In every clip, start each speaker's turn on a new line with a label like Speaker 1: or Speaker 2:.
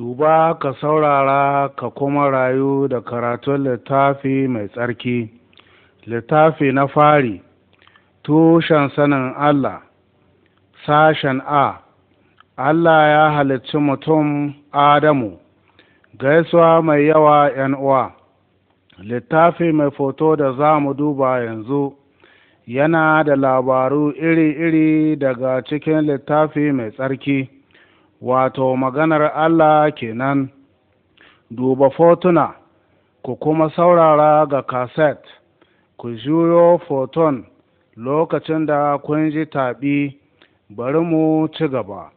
Speaker 1: duba ka saurara ka kuma rayu da karatun littafi mai tsarki littafi na fari tushen sanin allah sashen a allah ya halicci mutum adamu gaisuwa mai yawa yan uwa littafi mai foto da za mu duba yanzu yana da labaru iri-iri daga cikin littafi mai tsarki wato maganar Allah kenan duba fotuna ku kuma saurara ga kaset ku juyo foton lokacin da kun ji taɓi bari mu ci gaba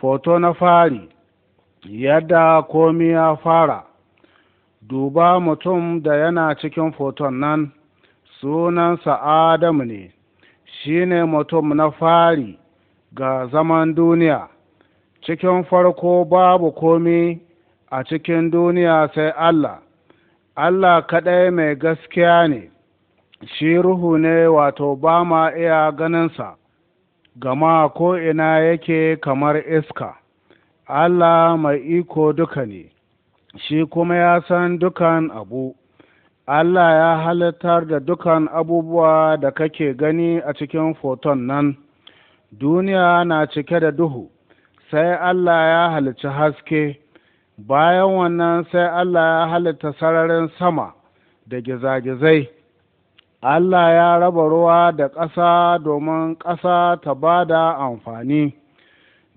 Speaker 1: foto na fari yadda komi ya fara duba mutum da yana cikin foton nan sunansa adamu ne shi ne mutum na fari ga zaman duniya cikin farko babu komi a cikin duniya sai Allah Allah kaɗai mai gaskiya ne shi ruhu ne wato ba ma iya ganinsa gama ko'ina yake kamar iska Allah mai iko duka ne shi kuma ya san dukan abu Allah ya halittar da dukan abubuwa da kake gani a cikin foton nan duniya na cike da duhu sai Allah ya halicci haske bayan wannan sai Allah ya halitta sararin sama da gizagizai Allah ya raba ruwa da ƙasa domin ƙasa ta ba da amfani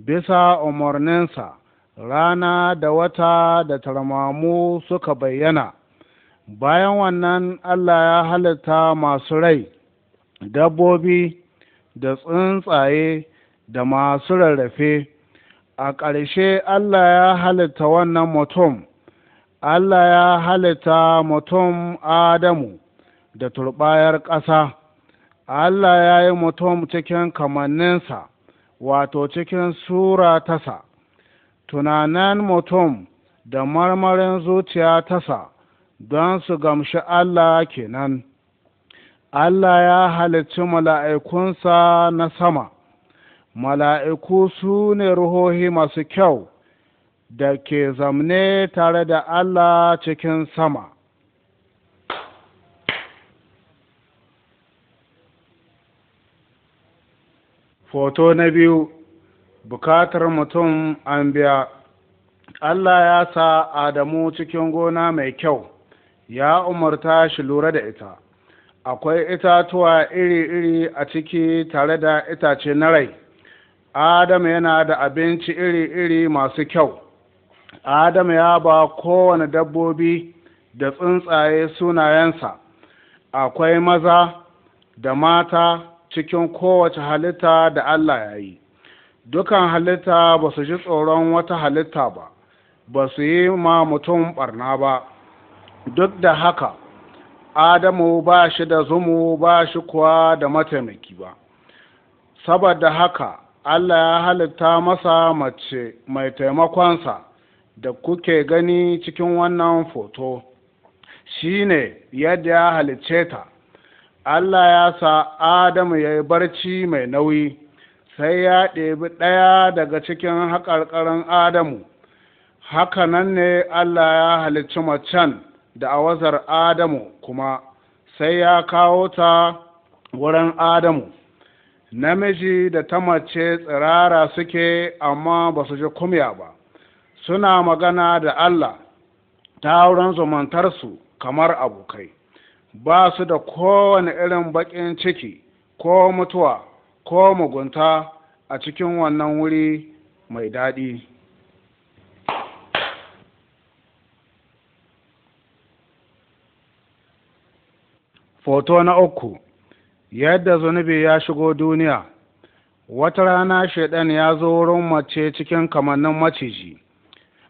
Speaker 1: bisa umarninsa rana da wata da tarmamu suka bayyana bayan wannan Allah ya halitta masu rai dabbobi da tsuntsaye da masu rarrafe a ƙarshe Allah ya halitta wannan mutum Allah ya halitta mutum Adamu da turbayar ƙasa Allah ya yi mutum cikin kamanninsa wato cikin sura tasa tunanin mutum da marmarin zuciya tasa don su gamshi Allah kenan Allah ya halicci mala'ikunsa na sama, mala'iku su ne ruhohi masu kyau da ke zamne tare da Allah cikin sama. Foto na biyu, bukatar mutum an biya, Allah ya sa Adamu cikin gona mai kyau, ya umarta shi lura da ita. akwai itatuwa iri-iri a ciki tare da itace na rai adam yana da abinci iri-iri masu kyau adam ya ba kowane dabbobi da tsuntsaye sunayensa akwai maza da mata cikin kowace halitta da allah ya yi dukan halitta ba su ji tsoron wata halitta ba ba su yi ma mutum barna ba duk da haka adamu ba shi da zumu ba shi kuwa da mataimaki ba saboda haka allah ya halitta masa mace mai taimakonsa da kuke gani cikin wannan foto shi ne yadda ya halicce ta allah ya sa adamu ya yi barci mai nauyi sai ya ɗebi ɗaya daga cikin haƙarƙarin adamu haka nan ne allah ya halicci macen da awazar adamu kuma sai ya kawo ta wurin adamu namiji da ta mace tsirara suke amma ba su ji kumya ba suna magana da allah ta wurin zumantarsu kamar abokai ba su da kowane irin baƙin ciki ko mutuwa ko mugunta a cikin wannan wuri mai daɗi Foto na uku Yadda zunubi ya shigo duniya Wata rana Shaiɗan ya zo wurin mace cikin kamannin maciji,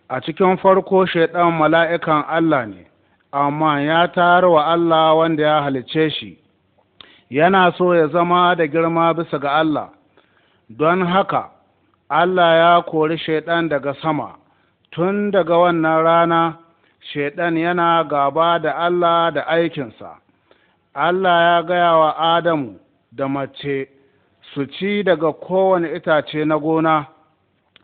Speaker 1: a cikin farko Shaiɗan mala'ikan Allah ne, amma ya tayar wa Allah wanda ya halicce shi, yana so ya zama da girma bisa ga Allah, don haka Allah ya kori Shaiɗan daga sama, tun daga wannan rana Shaiɗan yana gaba da Allah da aikinsa. Allah ya gaya wa Adamu da mace su ci daga kowane itace na gona,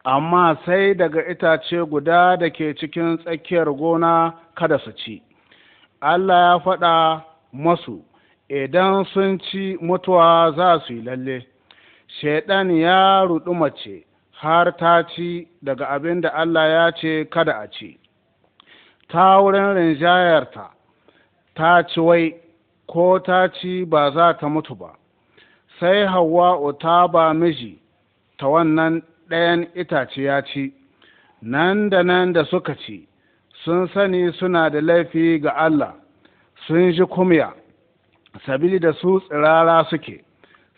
Speaker 1: amma sai daga itace guda da ke cikin tsakiyar gona kada su ci. Allah ya faɗa masu, idan sun ci mutuwa za su yi lalle. Shaiɗan ya ruɗu mace har ta ci daga abin da Allah ya ce kada a ci. Ta wurin rinjayarta, ta ci wai ko ta ci ba za ta mutu ba sai hawa'u ta ba miji ta wannan ɗayan itace ya ci nan da nan da suka ci sun sani suna da laifi ga Allah sun ji kumya sabili da su tsirara suke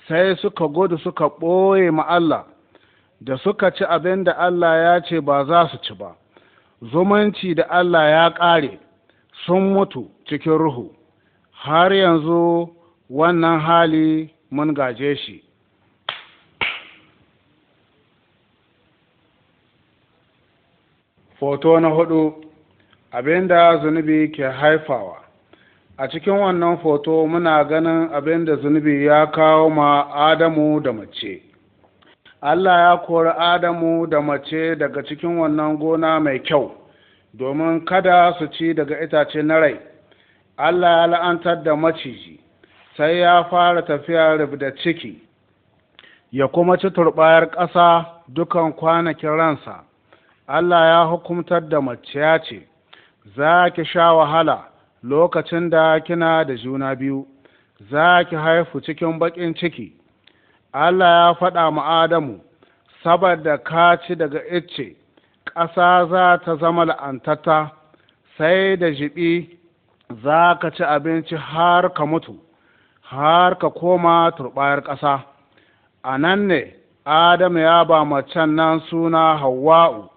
Speaker 1: sai suka gudu suka ɓoye ma Allah da suka ci abin da Allah ya ce ba za su ci ba zumunci da Allah ya ƙare sun mutu cikin ruhu har yanzu wannan hali mun gaje shi foto na hudu abinda zunubi ke haifawa a cikin wannan foto muna ganin abinda zunubi ya kawo ma adamu da mace allah ya kori adamu da mace daga cikin wannan gona mai kyau domin kada su ci daga itace na rai Allah ya la'antar da maciji sai ya fara tafiya da ciki ya kuma ci turbayar ƙasa dukan kwanakin ransa Allah ya hukumtar da mace ya ce za ki sha wahala lokacin da kina da juna biyu za ki haifu cikin baƙin ciki Allah ya faɗa mu Adamu saboda ka ci daga icce ƙasa za ta zama la'antata sai da jibi za ka ci abinci har ka mutu har ka koma turbayar ƙasa a nan ne adamu ya ba macen nan suna hawa'u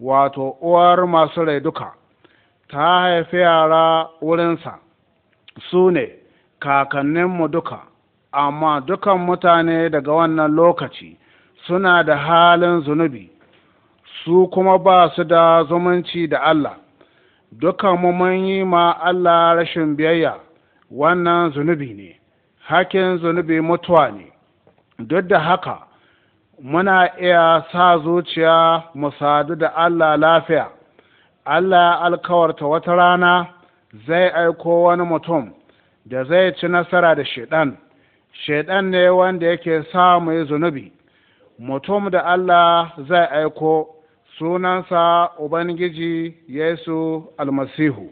Speaker 1: wato uwar masu rai duka ta haifi yara wurinsa su ne kakanninmu duka amma dukan mutane daga wannan lokaci suna da halin zunubi su kuma ba su da zumunci da allah dukan mu mun yi ma Allah rashin biyayya wannan zunubi ne hakin zunubi mutuwa ne duk da haka muna iya sa zuciya mu sadu da Allah lafiya Allah ya alkawarta wata rana zai aiko wani mutum da zai ci nasara da shaidan shaidan ne wanda yake sa mu yi zunubi mutum da Allah zai aiko sunansa Ubangiji Yesu almasihu.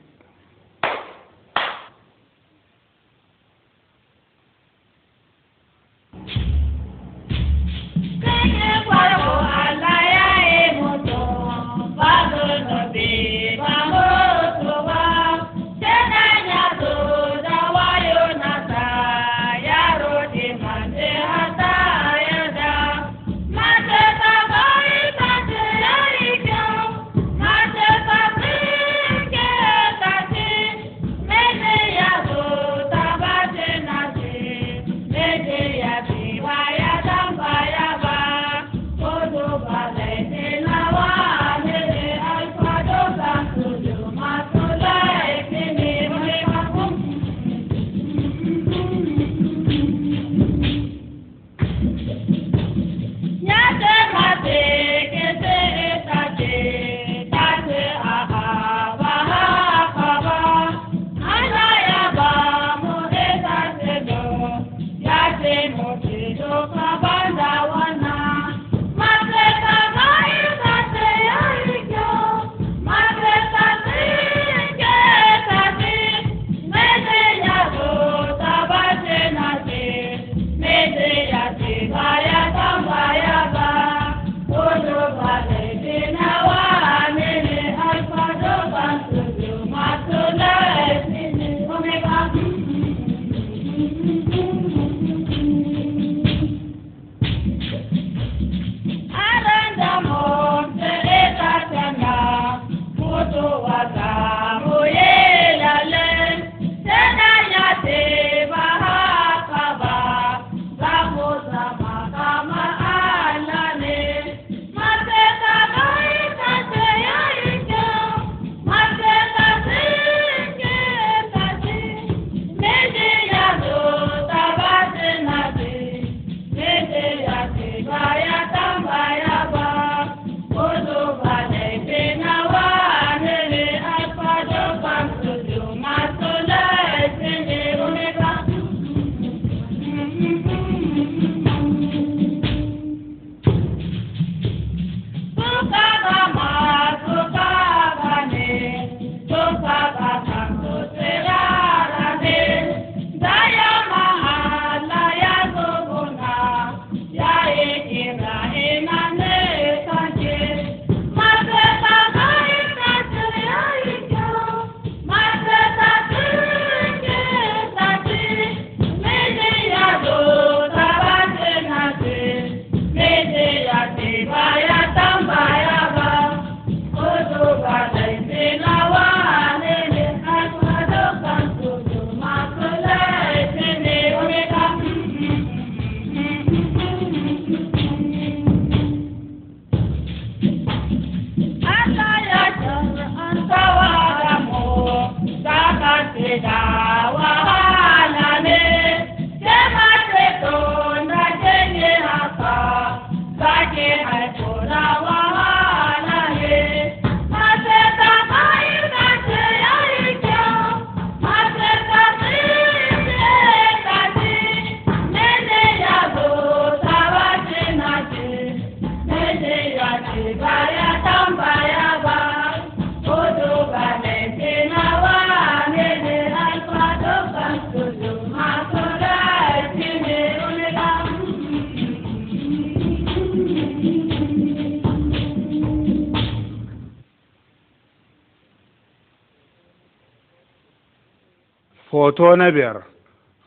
Speaker 1: Hoto na biyar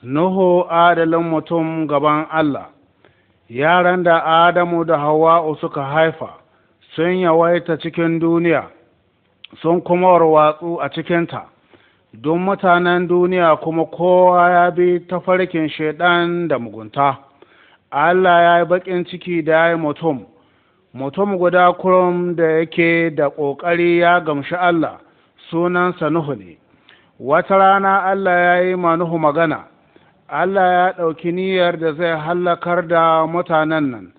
Speaker 1: Nuhu adalin mutum gaban Allah Yaran da Adamu da Hawa'u suka haifa sun yawaita cikin duniya sun kuma warwatsu a cikinta don mutanen duniya kuma kowa ya bi ta farkin shaidan da mugunta Allah ya yi baƙin ciki da ya yi mutum mutum guda kurum da yake da ƙoƙari ya gamshi Allah sunansa Nuhu ne wata rana Allah ya yi manuhu magana Allah ya ɗauki niyyar da zai hallakar da mutanen nan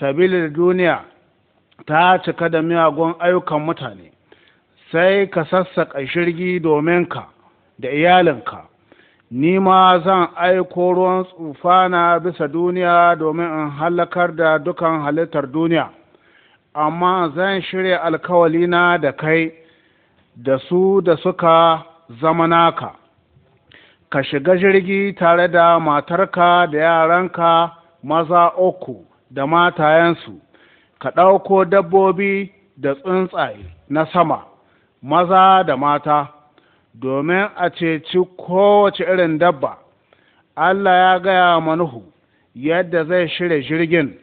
Speaker 1: sabilin duniya ta cika da miyagun ayyukan mutane sai ka sassaƙa shirgi domin ka da iyalinka ni ma zan aiko ruwan tsufana bisa duniya domin in hallakar da dukan halittar duniya amma zan shirya alkawalina da kai da su da suka zama naka ka shiga jirgi tare da matarka da yaranka maza uku da matayensu ka ɗauko dabbobi da tsuntsaye na sama maza da mata domin a ceci kowace irin dabba Allah ya gaya wa Nuhu yadda zai shirya jirgin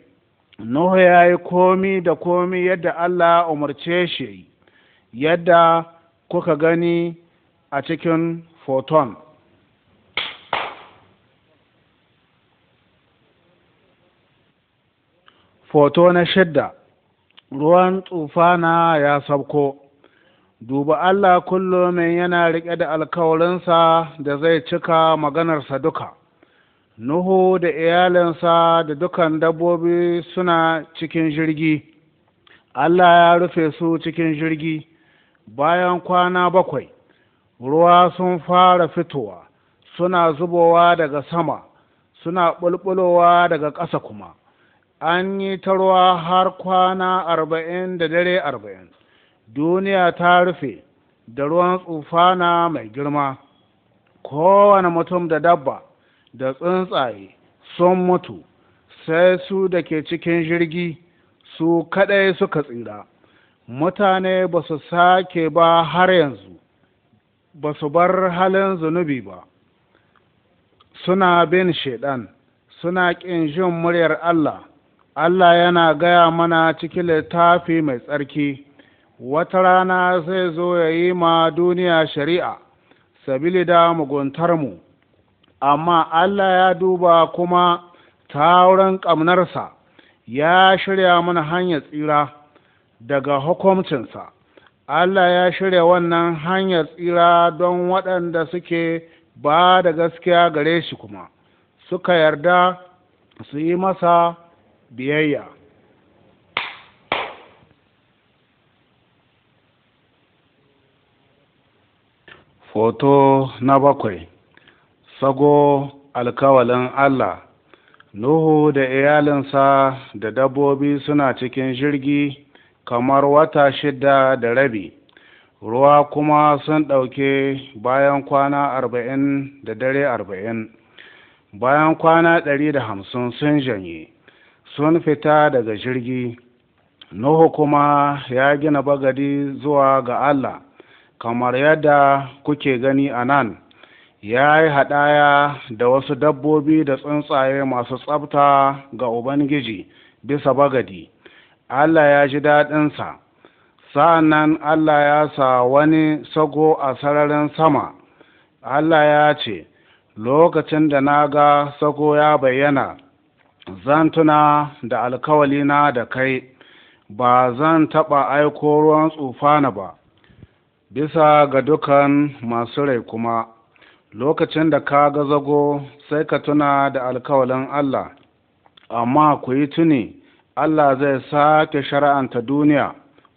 Speaker 1: Nuhu ya yi komi da komi yadda Allah umarce shi yadda kuka gani a cikin photon foto na shidda ruwan tsufana ya sabko duba allah kullum yana riƙe da alkawarinsa da zai cika maganarsa duka nuhu da iyalinsa da dukan dabbobi suna cikin jirgi allah ya rufe su cikin jirgi bayan kwana bakwai ruwa sun fara fitowa suna zubowa daga sama suna ɓulɓulowa daga ƙasa kuma an yi ta ruwa har kwana arba'in da dare arba'in duniya ta rufe da ruwan tsufana mai girma kowane mutum da dabba da tsuntsaye sun mutu sai su da ke cikin jirgi su kaɗai suka tsira mutane ba su sake ba har yanzu ba su bar halin zunubi ba suna bin shaidan suna ƙin jin muryar Allah Allah yana gaya mana cikin littafi mai tsarki wata rana zai zo ya yi ma duniya shari'a sabili da muguntarmu amma Allah ya duba kuma ta wurin ƙamnarsa ya shirya mana hanyar tsira daga hukuncinsa. Allah ya shirya wannan hanyar tsira don waɗanda suke ba da gaskiya gare shi kuma suka yarda su yi masa biyayya Foto na bakwai Sago alkawalin Allah Nuhu da iyalinsa da dabbobi suna cikin jirgi kamar wata shida da rabi ruwa kuma sun ɗauke bayan kwana arba'in da dare arba'in bayan kwana ɗari da hamsin sun janye sun fita daga jirgi nuhu kuma ya gina bagadi zuwa ga allah kamar yadda kuke gani a nan ya yi haɗaya da wasu dabbobi da tsuntsaye masu tsabta ga ubangiji bisa bagadi Allah ya ji daɗinsa nan Allah ya sa wani sago a sararin sama Allah ya ce lokacin da na ga sago ya bayyana zan tuna da alkawalina da kai ba zan taɓa aiko ruwan tsufana ba bisa ga dukan masu rai kuma lokacin da ka ga zago sai ka tuna da alkawalin Allah amma ku yi tuni Allah zai sake shari'anta duniya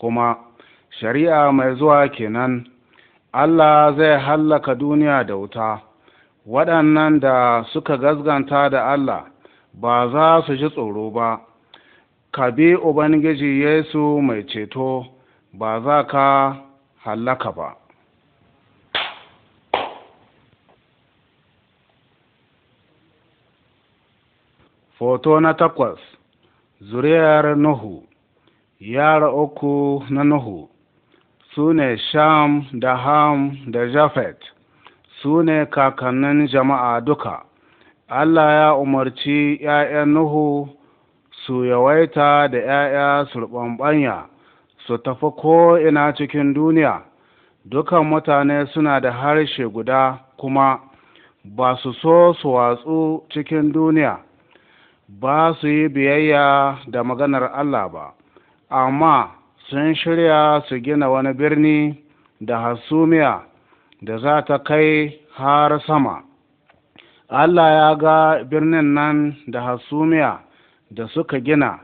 Speaker 1: kuma shari'a mai zuwa kenan Allah zai hallaka duniya da wuta waɗannan da suka gazganta da Allah ba za su ji tsoro ba ka bi Ubangiji Yesu mai ceto ba za ka hallaka ba Foto na takwas zuriyar Nuhu, yara uku na Nuhu, su ne Sham da Ham da Japhet, su ne kakannin jama'a duka. Allah ya umarci ’ya'yan Nuhu su yawaita da ’ya'ya surɓanɓanya su tafi ko'ina cikin duniya, dukan mutane suna da harshe guda kuma ba su so su watsu cikin duniya. ba su yi biyayya da maganar Allah ba amma sun shirya su gina wani birni da hasumiya da za ta kai har sama Allah ya ga birnin nan da hasumiya da suka gina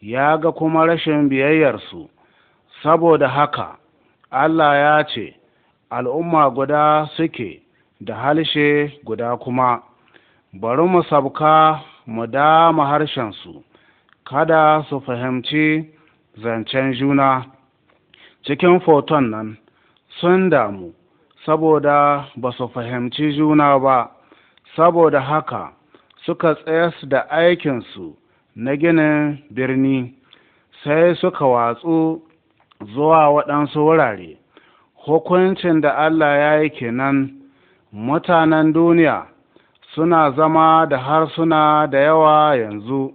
Speaker 1: ya ga kuma rashin biyayyarsu saboda haka Allah ya ce al'umma guda suke da halshe guda kuma bari mu sabka mu dama su. kada su fahimci zancen juna cikin foton nan sun damu saboda ba su fahimci juna ba saboda haka suka tsayas da aikinsu na ginin birni sai suka watsu zuwa waɗansu wurare hukuncin da allah ya yi kenan mutanen duniya suna zama da harsuna da yawa yanzu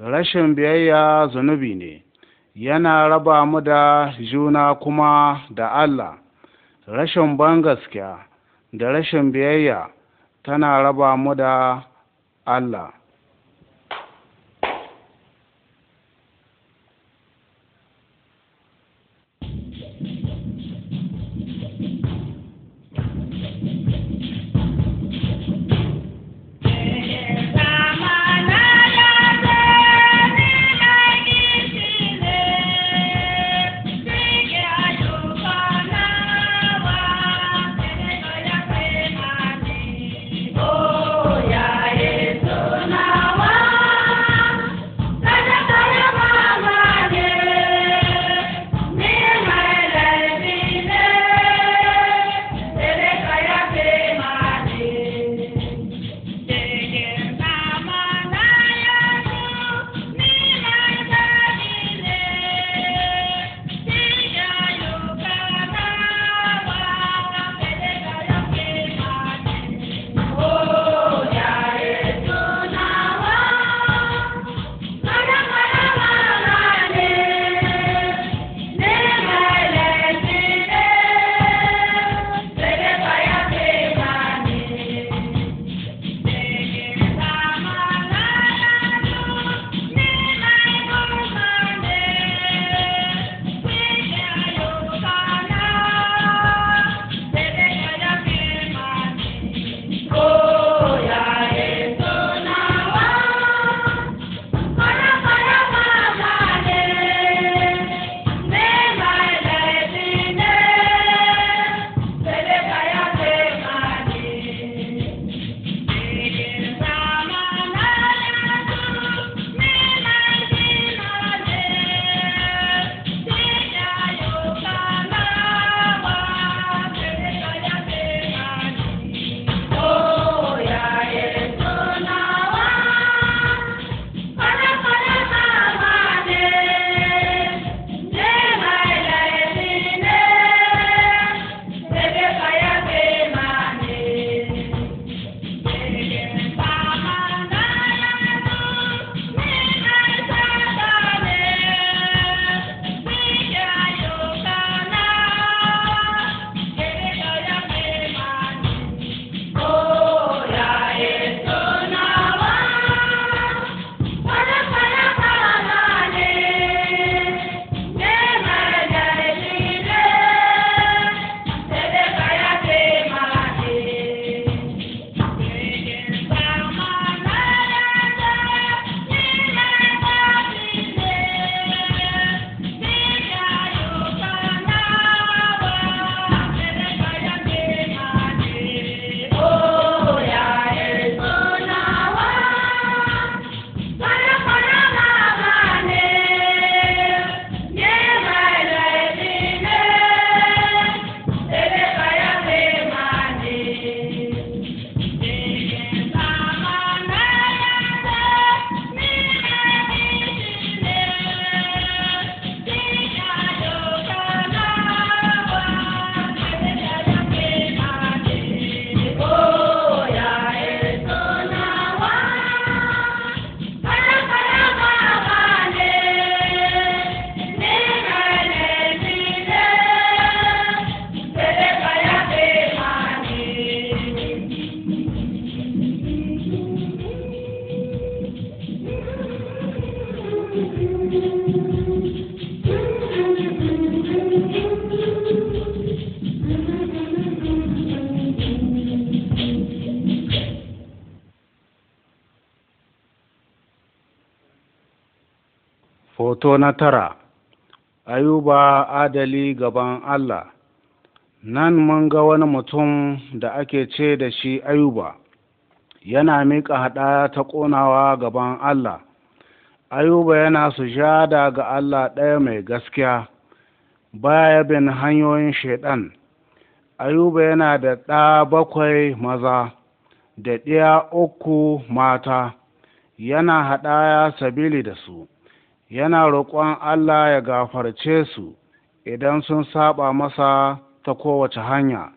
Speaker 1: rashin biyayya zunubi ne yana raba mu da juna kuma da Allah rashin ban gaskiya da rashin biyayya tana raba mu da Allah na tara Ayuba adali gaban Allah Nan mun ga wani mutum da ake ce da shi Ayuba, yana miƙa haɗa ta ƙonawa gaban Allah. Ayuba yana sujada ga Allah ɗaya mai gaskiya, baya bin hanyoyin shaiɗan. Ayuba yana da ɗa bakwai maza, da ɗiya uku mata, yana haɗaya sabili da su. yana roƙon Allah ya gafarce su idan sun saba masa ta kowace hanya.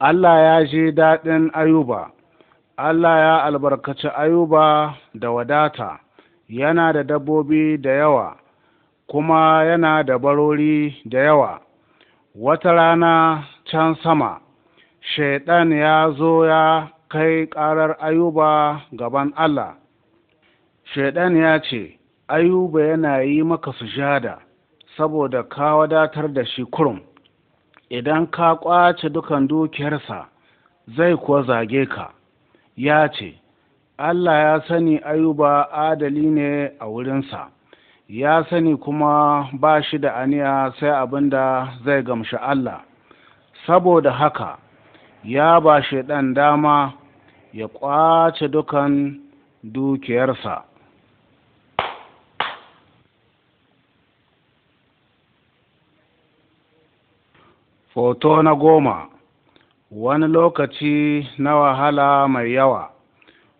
Speaker 1: Allah ya ji daɗin Ayuba, Allah ya albarkaci Ayuba da wadata, yana da dabbobi da yawa, kuma yana da barori da yawa. Wata rana can sama, Shaiɗan ya zo ya kai ƙarar Ayuba gaban Allah. Shaiɗan ya ce, ayuba yana yi maka sujada saboda ka wadatar da shi kurum idan ka kwace dukan dukiyarsa zai kuwa zage ka ya ce allah ya sani ayuba adali ne a wurinsa ya sani kuma ba shi da aniya sai abin da zai gamshi allah saboda haka ya ba ɗan dama ya kwace dukan dukiyarsa Foto na goma wani lokaci na wahala mai yawa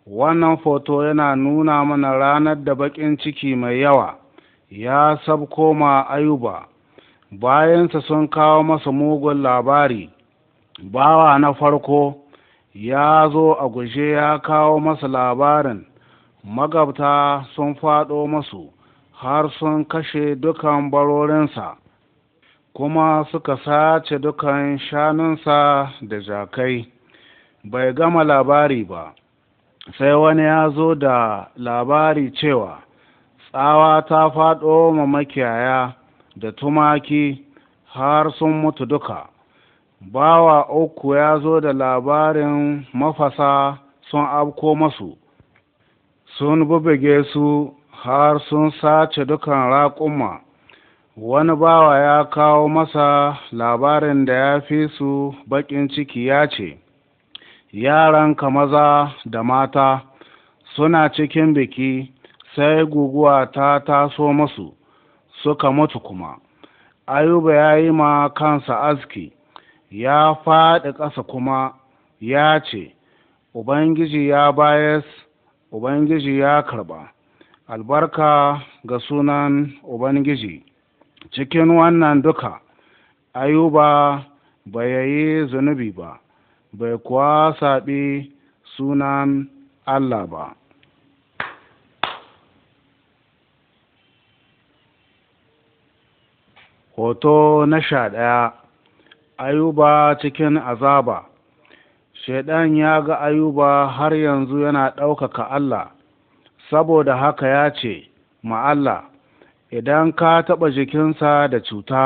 Speaker 1: wannan foto yana nuna mana ranar da bakin ciki mai yawa ya sabko koma ayuba bayansa sun kawo masa mugun labari bawa na farko ya zo a guje ya kawo masa labarin magabta sun fado masu har sun kashe dukan barorinsa kuma suka sace dukan shanunsa da jakai bai gama labari ba sai wani ya zo da labari cewa tsawa ta faɗo ma makiyaya da tumaki har sun mutu duka bawa uku ya zo da labarin mafasa sun afko masu sun bubbuge su har sun sace dukan raƙumma. wani bawa ya kawo masa labarin da ya fi su bakin ciki ya ce yaranka maza da mata suna cikin biki sai guguwa ta taso masu suka mutu kuma ayuba ya yi ma kansa aski ya faɗi ƙasa kuma ya ce ubangiji ya bayas ubangiji ya karɓa albarka ga sunan ubangiji cikin wannan duka ayuba bai yi zunubi ba bai kuwa saɓi sunan allah ba hoto na sha ɗaya ayuba cikin azaba shaidan ya ga ayuba har yanzu yana ɗaukaka allah saboda haka ya ce ma allah idan ka taɓa jikinsa da cuta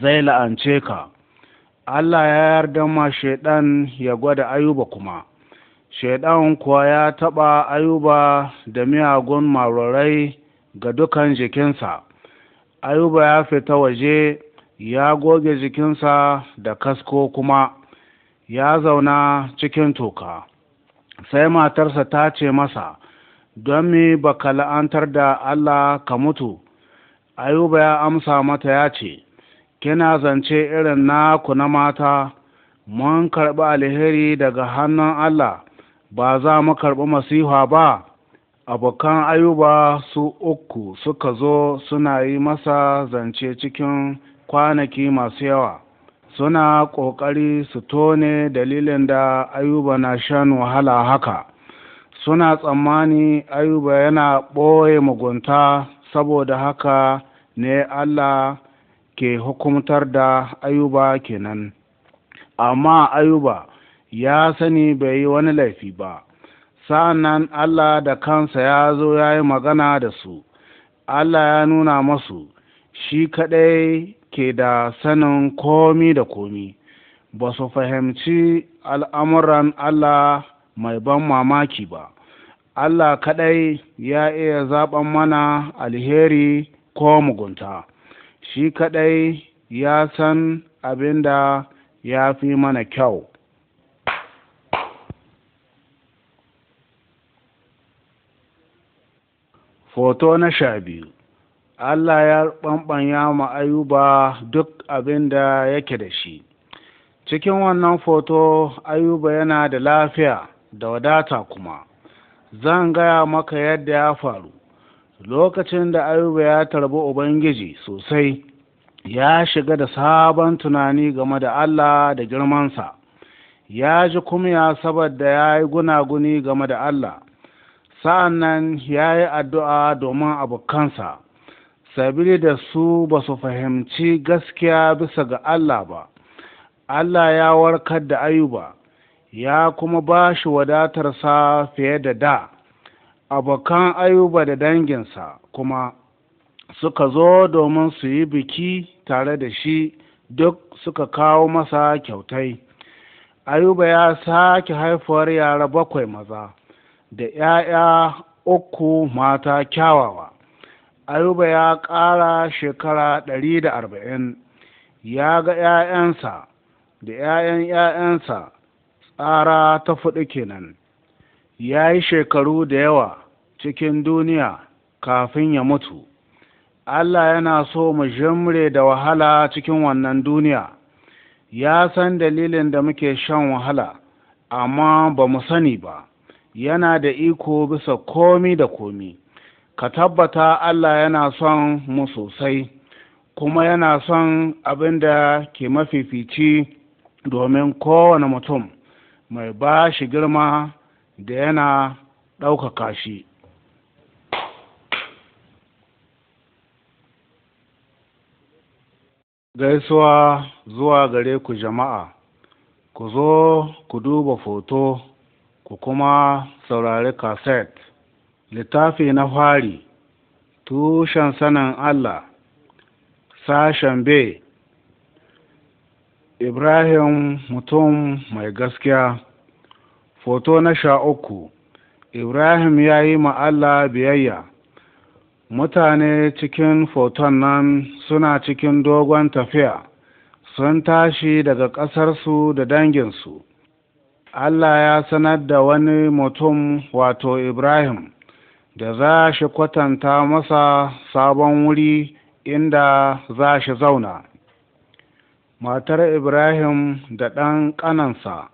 Speaker 1: zai la'ance ka Allah ya yarda ma shaidan ya gwada ayuba kuma shaidan kuwa ya taɓa ayuba da miyagun marorai ga dukan jikinsa ayuba ya fita waje ya goge jikinsa da kasko kuma ya zauna cikin toka sai matarsa ta ce masa don ba baka la'antar da Allah ka mutu ayuba ya amsa mata ya ce kina zance irin naku na mata mun karɓi alheri daga hannun Allah ba za mu karɓi masiha ba abokan ayuba su uku suka zo suna yi masa zance cikin kwanaki masu yawa suna ƙoƙari su tone dalilin da ayuba na shan wahala haka suna tsammani ayuba yana ɓoye mugunta saboda haka ne allah ke hukumtar da ayuba kenan amma ayuba ya sani bai yi wani laifi ba sa'annan allah da kansa ya zo ya yi magana da su allah ya nuna masu shi kaɗai ke da sanin komi da komi ba su fahimci al'amuran allah mai ban mamaki ba allah kaɗai ya iya zaɓen mana alheri ko mugunta shi kaɗai ya san abin da ya fi mana kyau Foto na sha biyu Allah ya ɓanɓanya ma Ayuba duk abin da yake da shi. Cikin wannan foto Ayuba yana da lafiya, da wadata kuma zan gaya maka yadda ya faru lokacin da ayuba ya tarbi ubangiji sosai ya shiga da sabon tunani game da allah da girmansa ya ji kumya saboda ya yi gunaguni game da allah sa'an nan ya yi addu'a domin abokansa sabili da su ba su fahimci gaskiya bisa ga allah ba allah ya warkar da ayuba ya kuma ba shi wadatarsa fiye da da abokan ayuba da danginsa kuma suka zo domin su yi biki tare da shi duk suka kawo masa kyautai ayuba ya sake haifuwar yara bakwai maza da ‘ya'ya uku mata kyawawa ayuba ya ƙara shekara ɗari da arba'in ya ga ‘ya'yansa da ‘ya'yan ‘ya'yansa ƙara ta fuɗi kenan ya yi shekaru da yawa cikin duniya kafin ya mutu allah yana so mu jimre da wahala cikin wannan duniya ya san dalilin da muke shan wahala amma ba mu sani ba yana da iko bisa komi da komi ka tabbata allah yana son mu sosai kuma yana son abin da ke mafifici domin kowane mutum mai ba shi girma da yana ɗaukaka shi gaisuwa zuwa gare ku jama'a ku zo ku duba foto ku kuma saurari kaset littafi na fari tushen sanin allah sashen b Ibrahim mutum mai gaskiya Foto na sha uku Ibrahim ya yi Allah biyayya Mutane cikin foton nan suna cikin dogon tafiya sun tashi daga ƙasarsu da danginsu. Allah ya sanar da wani mutum wato Ibrahim da za shi kwatanta masa sabon wuri inda za shi zauna. matar Ibrahim da ɗan ƙanansa,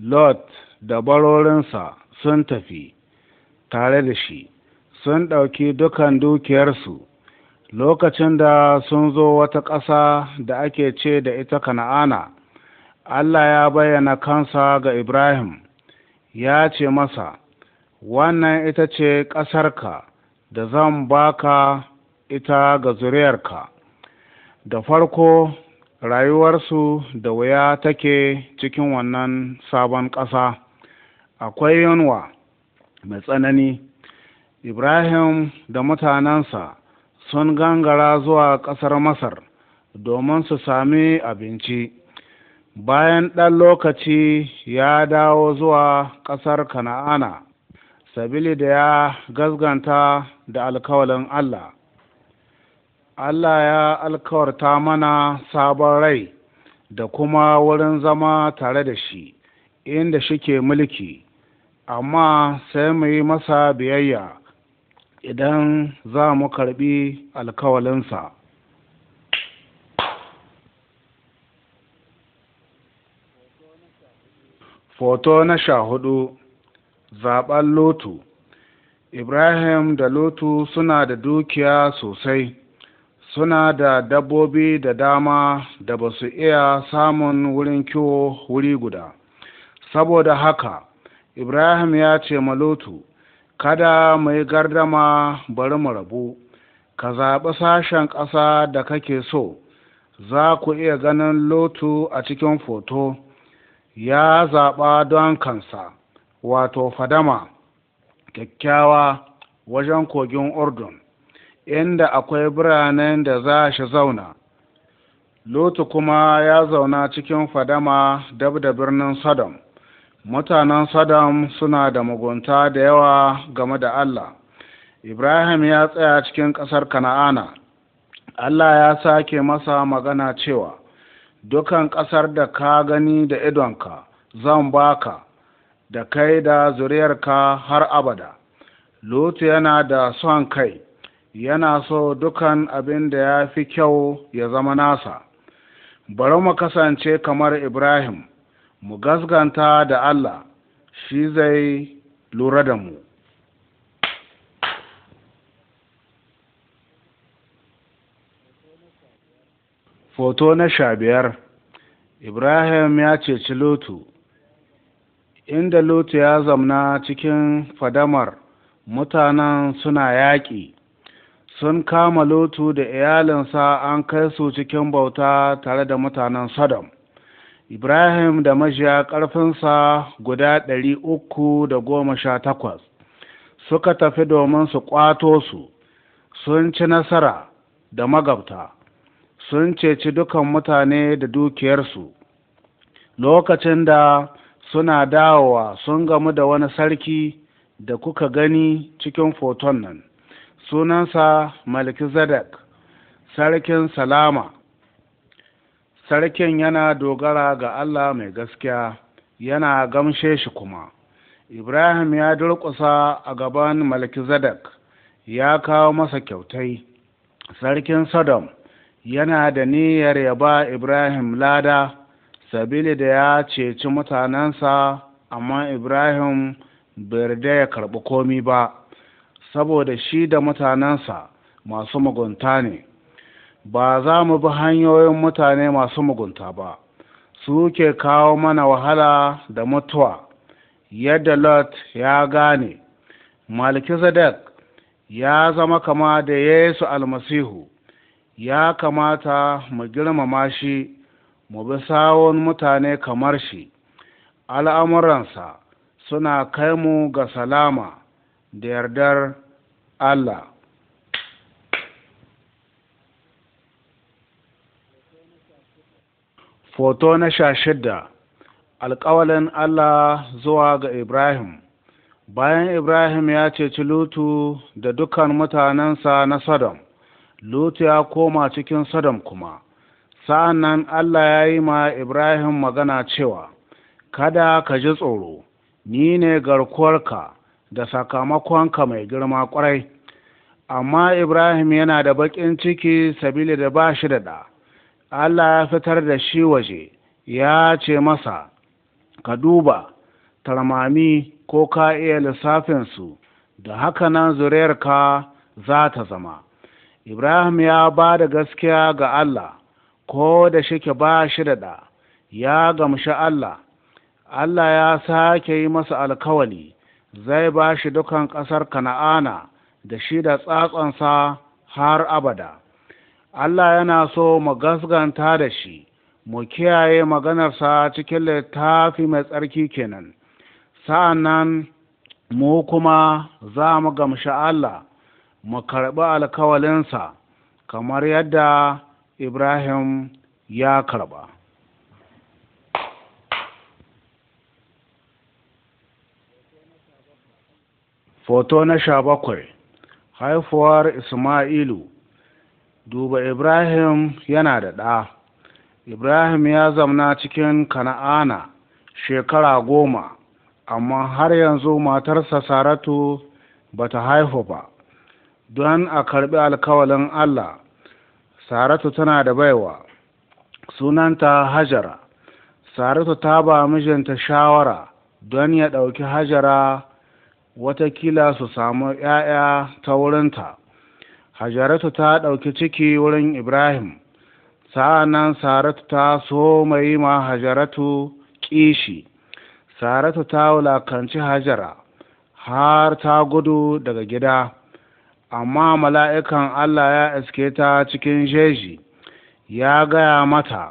Speaker 1: Lot da barorinsa sun tafi tare da shi, sun ɗauki dukan dukiyarsu, lokacin da sun zo wata ƙasa da ake ce da ita Kana'ana, Allah ya bayyana kansa ga Ibrahim, ya ce masa, Wannan ita ce ƙasarka da zan baka ita ga zuriyarka. Da farko rayuwarsu da wuya take cikin wannan sabon ƙasa akwai yunwa mai tsanani ibrahim da mutanensa sun gangara zuwa ƙasar masar domin su sami abinci bayan ɗan lokaci ya dawo zuwa ƙasar kana'ana sabili da ya gazganta da alkawalin allah Allah ya alkawarta mana sabon rai da kuma wurin zama tare da shi inda ke mulki amma sai mu yi masa biyayya idan za mu karbi alkawalinsa foto na sha hudu zaɓen lotu ibrahim da lotu suna da dukiya sosai suna da dabbobi da dama da ba su iya samun wurin kiwo wuri guda saboda haka ibrahim ya ce malutu kada mai gardama bari mu rabu ka zaɓi sashen ƙasa da kake so za ku iya ganin lotu a cikin foto ya zaɓa don kansa wato fadama kyakkyawa wajen kogin urdun inda akwai biranen da za shi zauna Lotu kuma ya zauna cikin fadama dab da birnin sodom mutanen sodom suna da mugunta da yawa game da allah ibrahim ya tsaya cikin ƙasar kana'ana allah ya sake masa magana cewa dukan ƙasar da ka gani da idonka zan baka da kai da zuriyarka har abada Lotu yana da son kai yana so dukan abin da ya fi kyau ya zama nasa bari mu kasance kamar ibrahim mu gasganta da allah shi zai lura da mu foto na sha biyar ibrahim ya ceci lutu inda lutu ya zamna cikin fadamar mutanen suna yaƙi sun kama lotu da iyalinsa an kai su cikin bauta tare da mutanen Sodom. Ibrahim da majiya ƙarfinsa guda ɗari uku da goma sha takwas suka tafi domin su ƙwato su, sun ci nasara da magabta, sun ceci dukan mutane da dukiyarsu. Lokacin da suna dawowa sun gamu da wani sarki da kuka gani cikin foton nan. sunansa Zadak, sarkin salama sarkin yana dogara ga allah mai gaskiya yana gamshe shi kuma ibrahim ya durƙusa a gaban malkizadak ya kawo masa kyautai sarkin sodom yana da niyyar ya ba ibrahim lada sabili da ya ceci mutanensa amma ibrahim bai ya karɓi komi ba saboda shi da mutanensa masu mugunta ne ba za mu bi hanyoyin mutane masu mugunta ba su ke kawo mana wahala da mutuwa yadda lot ya gane malkizadek ya zama kama da yesu almasihu ya kamata mu girmama shi mu bi sawon mutane kamar shi al'amuransa suna kai mu ga salama da yardar Allah Foto na sha shidda Alƙawalin Allah zuwa ga Ibrahim Bayan Ibrahim ya ceci Lutu da dukan mutanensa na Sodom, Lutu ya koma cikin Sodom kuma, sa'an nan Allah ya yi ma Ibrahim magana cewa, Kada ka ji tsoro, ni ne garkuwarka, da sakamakonka mai girma kwarai. amma ibrahim yana da baƙin ciki sabili da ba shi da da, allah ya fitar da shi waje ya ce masa ka duba tarmami ko ka iya lissafin su da haka nan zuriyarka za ta zama ibrahim ya ba da gaskiya ga allah ko da shike ba shi da da, ya gamshi allah allah ya sake yi masa alkawali zai ba shi dukan ƙasar kana'ana da shi da tsatsansa har abada Allah yana so mu gasganta da shi mu kiyaye maganarsa cikin littafi mai tsarki kenan sa'an nan mu kuma za mu gamshi Allah mu karɓi alkawalinsa kamar yadda Ibrahim ya karɓa. foto na sha bakwai haifuwar isma'ilu duba ibrahim yana da ɗa ibrahim ya zamna cikin kana'ana shekara goma amma har yanzu matarsa saratu ba ta haifu ba don a karbi alkawalin allah saratu tana da baiwa sunanta hajara saratu ta ba mijinta shawara don ya ɗauki hajara watakila su samu ‘ya'ya ta wurinta hajaratu ta ɗauki ciki wurin ibrahim nan saratu ta so mai ma hajaratu kishi saratu ta wulakanci hajara har ta gudu daga gida amma mala'ikan allah ya iske ta cikin jeji ya gaya mata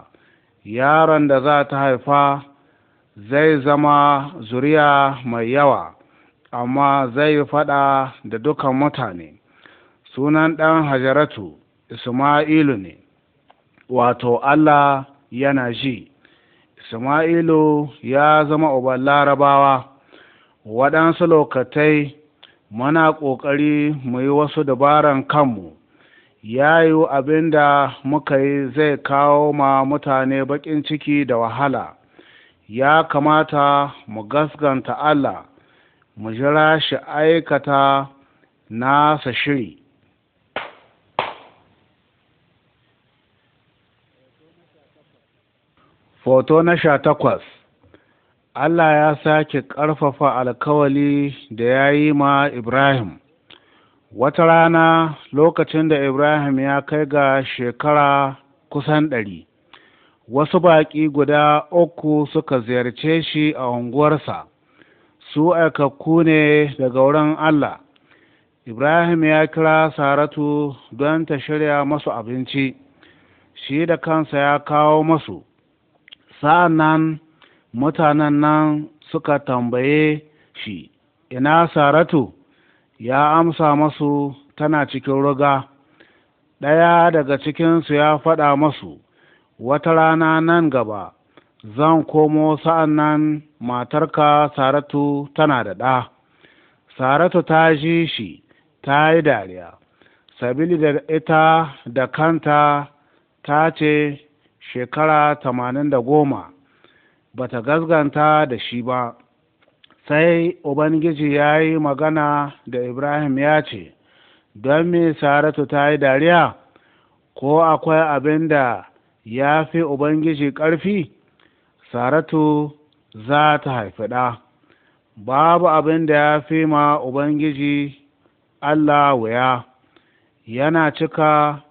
Speaker 1: yaron da za ta haifa zai zama zuriya mai yawa amma zai faɗa da dukan mutane sunan ɗan hajaratu isma'ilu ne wato allah yana ji isma'ilu ya zama uban larabawa waɗansu lokatai muna ƙoƙari mu yi wasu dabaran kanmu ya yi abin da muka yi zai kawo ma mutane baƙin ciki da wahala ya kamata mu gasganta allah mu jira shi aikata nasa shiri Foto na sha takwas Allah ya sake ƙarfafa alkawali da ya yi ma Ibrahim. Wata rana lokacin da Ibrahim ya kai ga shekara kusan ɗari, wasu baƙi guda uku suka ziyarce shi a unguwarsa. su aikakku ne daga wurin Allah Ibrahim ya kira Saratu don ta shirya masu abinci shi da kansa ya kawo masu sa'an nan mutanen nan suka tambaye shi ina Saratu ya amsa masu tana cikin ruga ɗaya daga cikinsu ya faɗa masu wata rana nan gaba zan komo sa'an nan matarka saratu tana da ɗa saratu ta ji shi ta yi dariya sabili da ita da kanta ta ce shekara tamanin da goma ba ta gasganta da shi ba sai ubangiji ya yi magana da ibrahim ya ce don me saratu ta yi dariya ko akwai abin da ya fi ubangiji ƙarfi saratu za ta haifi ɗa babu abin da ya fi ma ubangiji allah wuya yana cika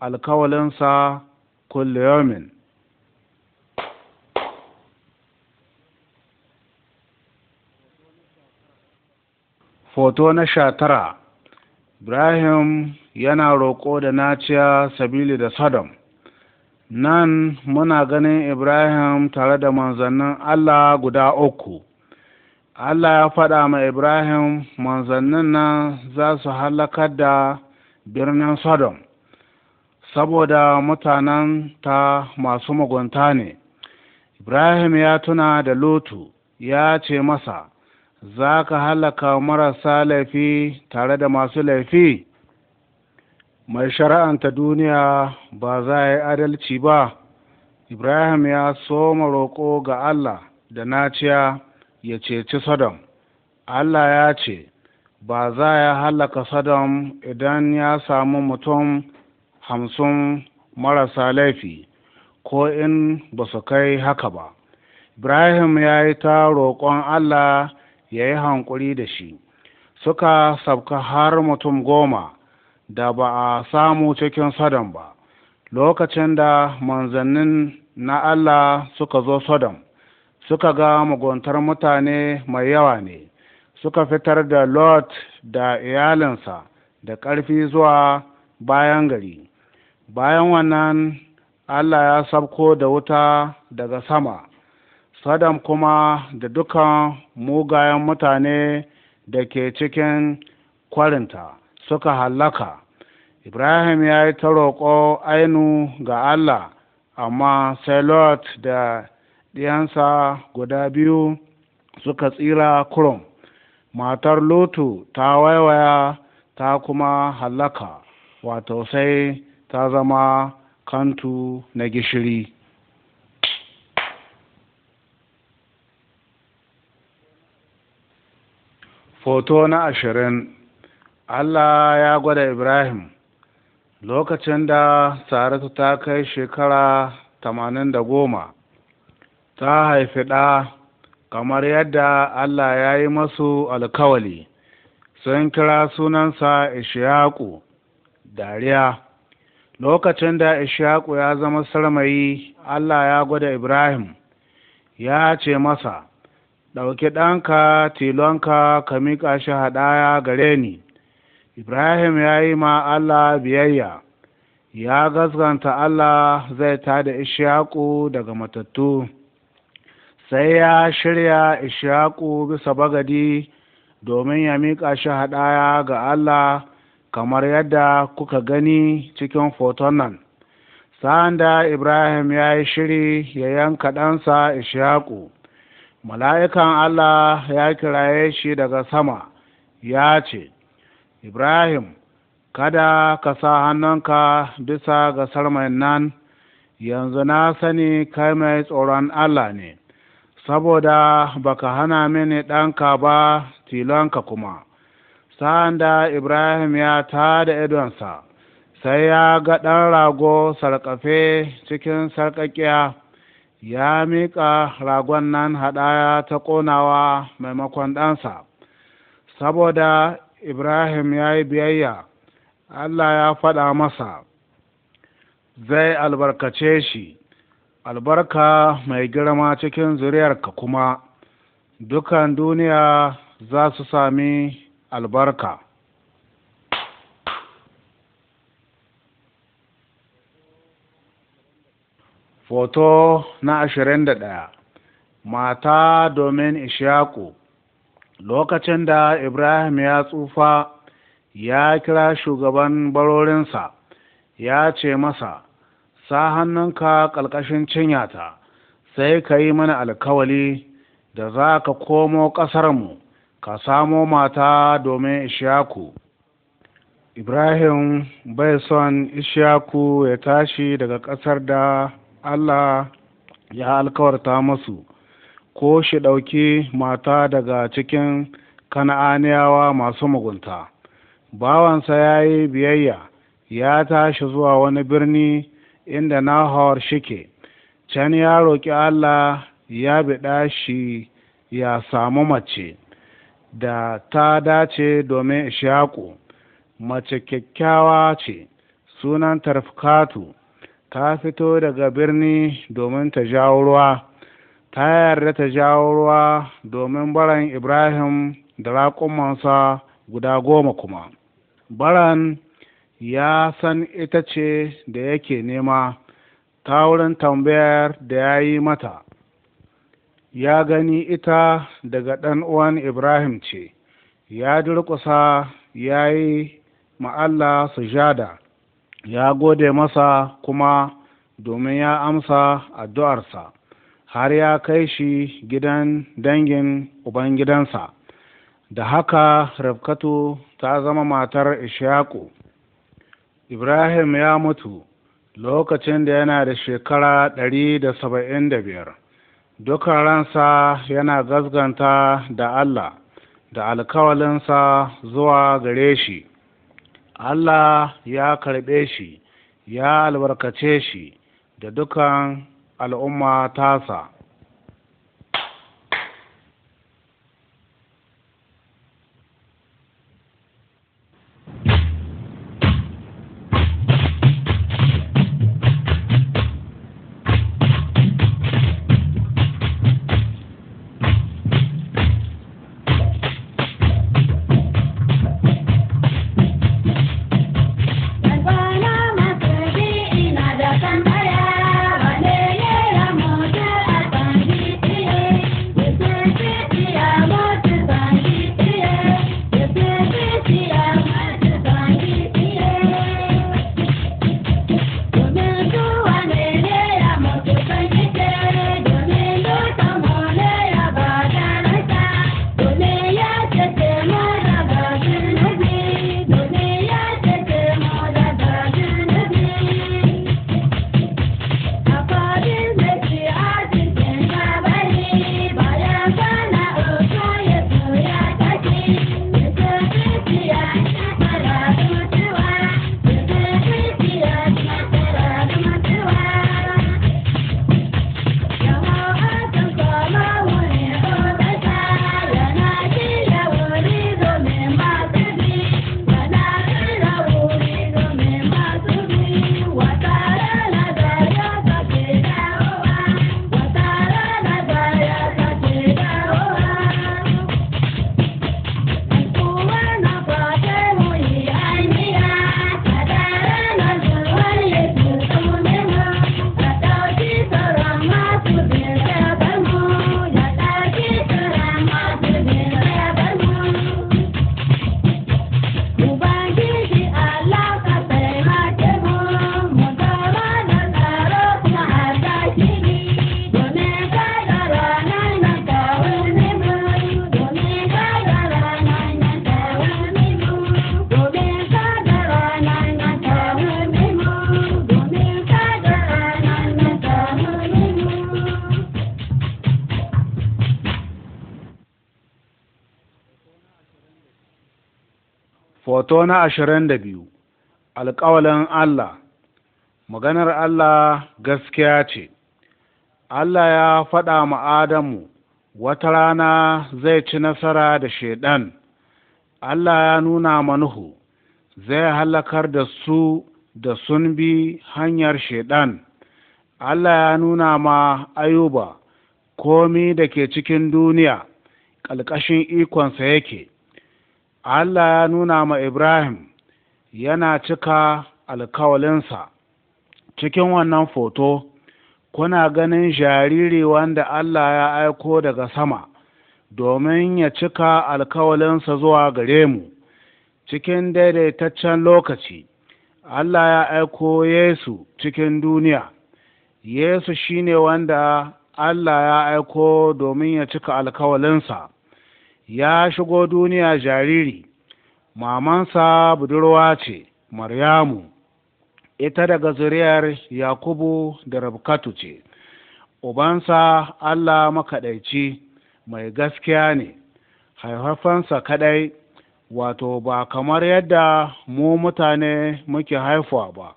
Speaker 1: alkawalinsa kulliyomin Foto na sha tara Ibrahim yana roƙo da naciya sabili da Sodom. nan muna ganin ibrahim tare da manzannin allah guda uku allah ya faɗa ma ibrahim manzannin nan za su halakar da birnin sodom saboda mutanen ta masu mugunta ne ibrahim ya tuna da lotu ya ce masa za ka halaka marasa laifi tare da masu laifi mai shari'anta duniya ba za a yi adalci ba ibrahim ya soma roƙo ga allah da naciya ya ceci sodom allah ya ce ba za ya halaka sodom idan ya samu mutum hamsin marasa laifi ko in ba su kai haka ba ibrahim ya yi ta roƙon allah ya yi hankuri da shi suka sabka har mutum goma da ba a samu cikin Sodom ba, lokacin da manzannin na Allah suka zo Sodom, suka ga muguntar mutane mai yawa ne, suka fitar da Lot da iyalinsa da ƙarfi zuwa bayan gari. Bayan wannan Allah ya sabko da wuta daga sama, Sodom kuma da dukan mugayen mutane da ke cikin kwarinta. suka hallaka ibrahim ya yi ta roƙo ainu ga allah amma sai lot da ɗiyansa guda biyu suka tsira kurum matar lutu ta waiwaya ta kuma hallaka wato sai ta zama kantu na gishiri foto na ashirin Allah ya gwada Ibrahim lokacin da Saratu ta kai shekara tamanin da goma ta haifi ɗa kamar yadda Allah ya yi masu alkawali sun kira sunansa Ishaku dariya lokacin da Ishaku ya zama sarmayi Allah ya gwada Ibrahim ya ce masa ɗauki ɗanka tilonka ka miƙa shi haɗaya gare ni ibrahim ya yi ma allah biyayya ya gasganta allah zai tada ishaku daga matattu sai ya shirya ishaku bisa bagadi domin ya miƙa shi haɗaya ga allah kamar yadda kuka gani cikin foton nan sanda ibrahim ya yi shiri ya yanka ɗansa ishaku mala'ikan allah ya kiraye shi daga sama ya ce Ibrahim, kada ka sa hannunka bisa ga mai nan, yanzu na sani kai mai tsoron Allah ne, saboda baka hana mini ɗanka ba tilonka kuma. Sa'an da Ibrahim ya ta da idonsa, sai ya ga ɗan rago sarƙafe cikin sarƙaƙiya, ya miƙa ragon nan haɗaya ta ƙonawa maimakon ɗansa. Saboda ibrahim ya yi biyayya allah ya faɗa masa zai albarkace shi albarka mai girma cikin zuriyarka kuma dukan duniya za su sami albarka Foto na ashirin da ɗaya Mata domin Ishaku lokacin da ibrahim ya tsufa ya kira shugaban barorinsa ya ce masa sa hannunka ƙalƙashin ta, sai ka yi mana alkawali da za ka komo ƙasarmu ka samo mata domin ishaku ibrahim bai son ishaku ya tashi daga ƙasar da allah ya alkawarta masu ko shi ɗauki mata daga cikin kana'aniyawa masu mugunta bawansa ya yi biyayya ya tashi zuwa wani birni inda nahawar shike can ya roƙi allah ya biɗa shi ya samu mace da ta dace domin ishaku mace kyakkyawa ce sunan tarfikatu ta fito daga birni domin ta jawo ruwa ta yarda ta jawo ruwa domin baran ibrahim da raƙumansa guda goma kuma baran ya san ita ce da yake nema ta wurin tambayar da ya yi mata ya gani ita daga ɗan uwan ibrahim ce ya durƙusa ya yi ma'alla sujada ya gode masa kuma domin ya amsa addu'arsa har ya kai shi gidan dangin ubangidansa da haka rafkatu ta zama matar ishaku ibrahim ya mutu lokacin da yana da shekara ɗari da saba'in da biyar dukan ransa yana gazganta da allah da alkawalinsa zuwa gare shi allah ya karɓe shi ya albarkace shi da dukan al'umma ta sa. Hoto na ashirin da biyu Alƙawalin Allah Maganar Allah gaskiya ce, Allah ya faɗa ma Adamu wata rana zai ci nasara da Shaiɗan, Allah ya nuna manuhu zai halakar da su da sun bi hanyar Shaiɗan, Allah ya nuna ma Ayuba komi da ke cikin duniya ƙalƙashin ikonsa yake. Allah ya nuna ma Ibrahim yana cika alkawalinsa cikin wannan foto kuna ganin jariri wanda Allah ya aiko daga sama domin ya cika alkawalinsa zuwa gare mu cikin daidaitaccen lokaci Allah ya aiko Yesu cikin duniya Yesu shine wanda Allah ya aiko domin ya cika alkawalinsa ya shigo duniya jariri mamansa budurwa ce maryamu ita daga zuriyar yakubu da rabkatu ce ubansa allah makaɗaici mai gaskiya ne haifafansa kaɗai wato ba kamar yadda mu mutane muke haifuwa ba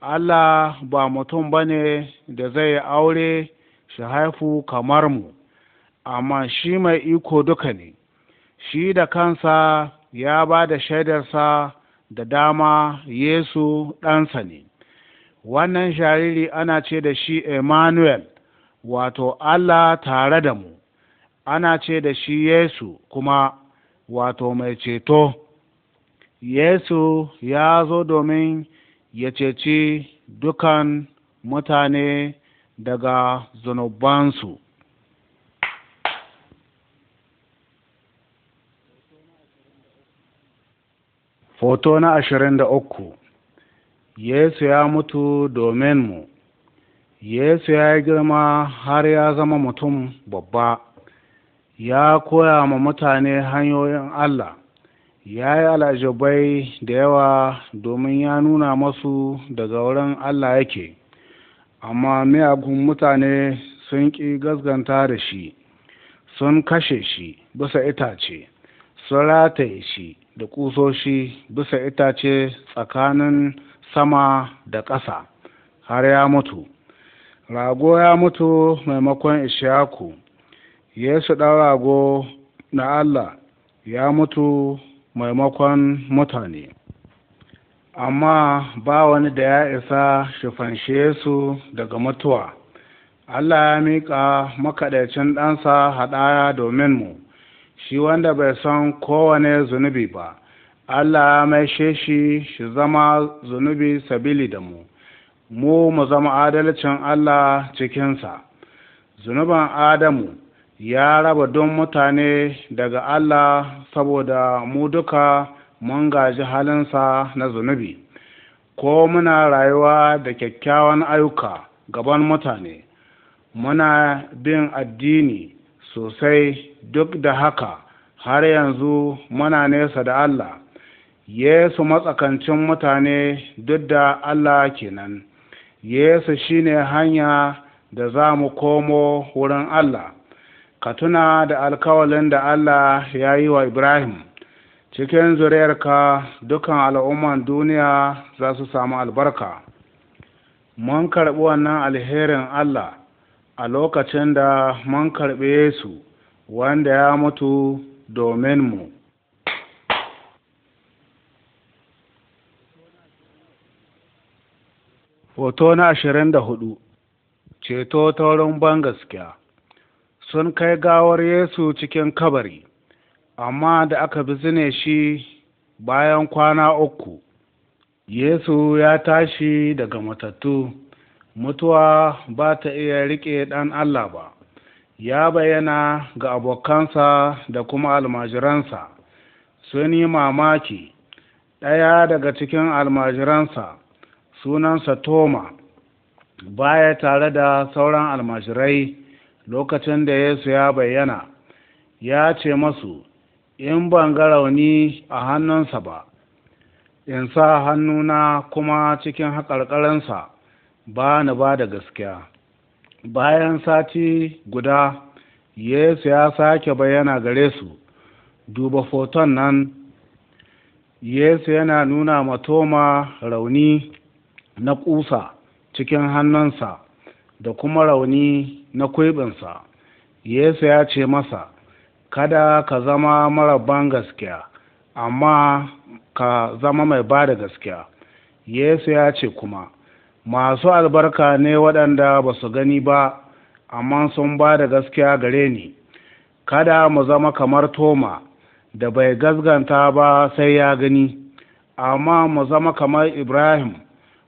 Speaker 1: allah ba mutum ba ne da zai aure shi haifu kamar mu amma shi mai iko duka ne shi da kansa ya ba da shaidarsa da dama yesu ɗansa ne wannan jariri ana ce da shi emmanuel wato allah tare da mu ana ce da shi yesu kuma wato mai ceto yesu ya zo domin ya ceci dukan mutane daga zunubansu Foto na ashirin da uku Yesu ya mutu domin mu Yesu ya yi girma har ya zama mutum babba, ya koya ma mutane hanyoyin Allah, ya yi alajabai da yawa domin ya nuna masu daga wurin Allah yake, amma miyagun mutane sun ƙi gasganta da shi, sun kashe shi bisa itace, sun rataye shi. da kusoshi, bisa itace tsakanin sama da ƙasa har ya mutu rago ya mutu maimakon ishaku yesu ɗan rago na allah ya mutu maimakon mutane amma ba wani da ya isa shi fanshe su daga mutuwa allah ya miƙa makaɗaicin ɗansa haɗaya domin mu shi wanda bai san kowane zunubi ba Allah ya maishe shi shi zama zunubi sabili da mu mu mu zama adalcin Allah cikinsa zunuban Adamu ya raba don mutane daga Allah saboda mu duka mun gaji halinsa na zunubi ko muna rayuwa da kyakkyawan ayyuka gaban mutane muna bin addini sosai duk da haka har yanzu muna nesa da Allah Yesu matsakancin mutane duk da Allah kenan Yesu shine hanya da za mu komo wurin Allah ka tuna da alkawalin da Allah ya yi wa Ibrahim cikin zuriyarka dukan al'umman duniya za su samu albarka mun karɓi wannan alherin Allah a lokacin da mun karɓe Yesu wanda ya mutu domin mu hoto na ashirin da hudu ceto ta wurin ban sun kai gawar yesu cikin kabari amma da aka bi bizine shi bayan kwana uku yesu ya tashi daga matattu mutuwa ba ta iya riƙe ɗan allah ba ya bayyana ga abokansa da kuma almajiransa sun yi mamaki ɗaya daga cikin almajiransa sunansa toma baya tare da sauran almajirai lokacin da yesu ya bayyana ya ce masu in ban ga rauni a hannunsa ba in sa hannuna kuma cikin haƙarƙarinsa ba ni ba da gaskiya bayan sati guda yesu ya sake bayyana gare su duba foton nan yesu yana nuna matoma rauni na kusa cikin hannunsa da kuma rauni na kwebinsa yesu ya ce masa kada ka zama mara ban gaskiya amma ka zama mai ba da gaskiya yesu ya ce kuma masu albarka ne waɗanda ba su gani ba amma sun ba da gaskiya gare ni kada mu zama kamar toma da bai gasganta ba sai ya gani amma mu zama kamar ibrahim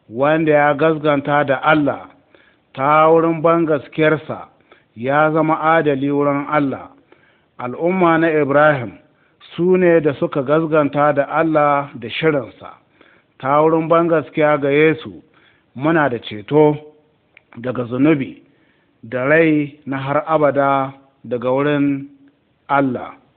Speaker 1: wanda ya gasganta da allah ta wurin ban gaskiyarsa ya zama adali wurin allah al'umma na ibrahim su ne da suka gasganta da allah da shirinsa ta wurin ban gaskiya ga yesu muna da ceto daga zunubi da rai na har abada daga wurin Allah